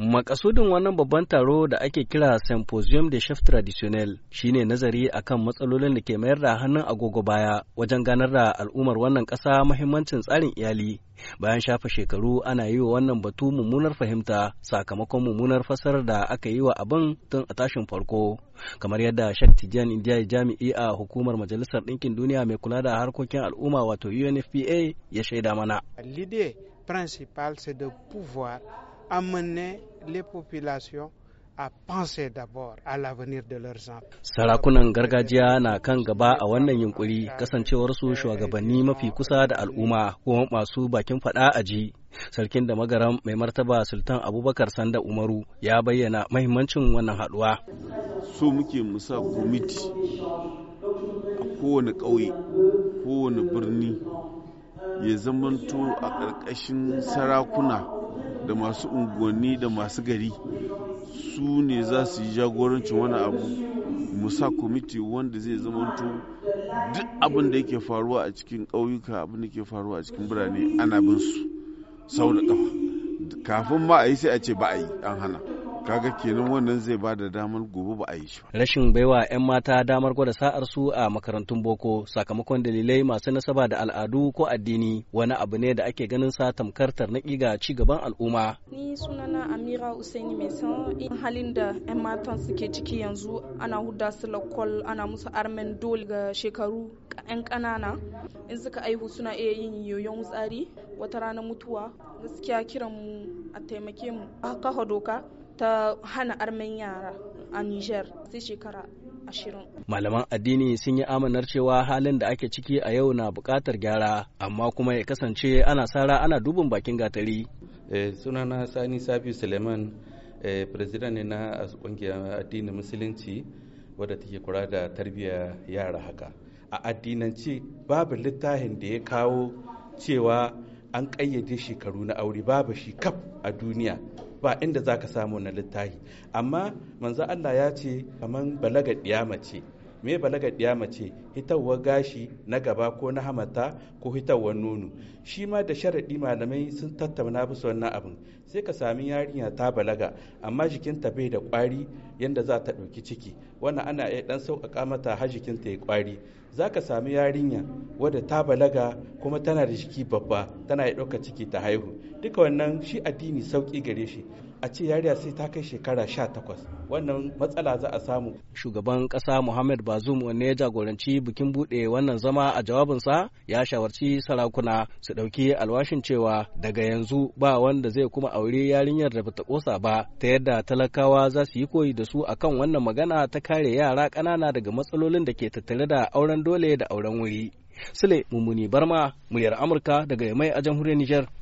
Makasudin wannan babban taro da ake kira Symposium de Chef Traditionnel shine nazari akan matsalolin da ke mayar da hannun agogo baya wajen ganar da al'ummar wannan ƙasa mahimmancin tsarin iyali bayan shafa shekaru ana yi wa wannan batu mummunar fahimta sakamakon mummunar fasar da aka yi wa abin tun a tashin farko kamar yadda Sheikh Tijan Indiya jami'i a hukumar Majalisar Ɗinkin Duniya mai kula da harkokin al'umma wato UNFPA ya shaida mana. L'idée principale c'est de les populations a penser d'abord à l'avenir de leurs enfants. Sarakunan gargajiya na kan gaba a wannan yunkuri kasancewarsu shugabanni mafi kusa da al'umma ko masu bakin fada a ji. Sarkin da magaram mai martaba Sultan Abubakar Sanda Umaru ya bayyana mahimmancin wannan haduwa. So muke musa komiti a kowane ƙauye, kowane birni, ya zamanto a ƙarƙashin sarakuna da masu unguwanni da masu gari su ne za su yi jagorancin wani abu musa kwamiti wanda zai zamanto duk abin da yake faruwa a cikin ƙauyuka abin da ke faruwa a cikin birane ana bin su sau da kafin ma a yi sai a ce ba a yi an hana kaga kenan wannan zai ba da damar gobe ba a yi shi rashin baiwa 'yan mata damar gwada sa'ar su a makarantun boko sakamakon dalilai masu nasaba da al'adu ko addini wani abu ne da ake ganin sa tamkar na ga ci gaban al'umma ni sunana amira usaini mai san halin da 'yan matan suke ciki yanzu ana huda su lakol ana musu armen dole ga shekaru 'yan ƙanana in suka aihu suna iya yin yoyon tsari wata rana mutuwa gaskiya kiran mu a taimake mu a kafa doka ta hana armen yara a Nijar sai shekara ashirin. Malaman addini sun yi amanar cewa halin da ake ciki a yau na buƙatar gyara amma kuma ya kasance ana sara ana dubin bakin gatari. Eh, sunana Sani Safi Suleiman eh, ne na ƙungiyar addinin musulunci wadda take kula da tarbiyyar yara haka. A addinance babu littafin da ya kawo cewa an ƙayyade shekaru na aure babu shi kaf a duniya ba inda za ka samu na littahi amma manzo Allah ya ce kaman balaga diyama ce me balaga ɗiya mace hitawar gashi na gaba ko na hamata ko hitawar nono shi ma da sharaɗi malamai sun tattauna bisa wannan abin sai ka sami yarinya ta balaga amma jikinta bai da ƙwari yadda za ta ɗauki ciki wannan ana iya ɗan sauƙaƙa mata har jikinta ya ƙwari za ka sami yarinya wadda ta balaga kuma tana da jiki babba tana iya ɗauka ciki ta haihu duka wannan shi addini sauƙi gare shi a ce yariya sai ta kai shekara sha takwas wannan matsala za a samu shugaban kasa muhammad bazum wanne ya jagoranci bikin bude wannan zama a jawabinsa ya shawarci sarakuna su ɗauki alwashin cewa daga yanzu ba wanda zai kuma aure yarinyar da bata kosa ba ta yadda talakawa za su yi koyi da su akan wannan magana ta kare yara ƙanana daga matsalolin da ke tattare da auren dole da auren wuri sule mummuni barma muryar amurka daga mai a jamhuriyar niger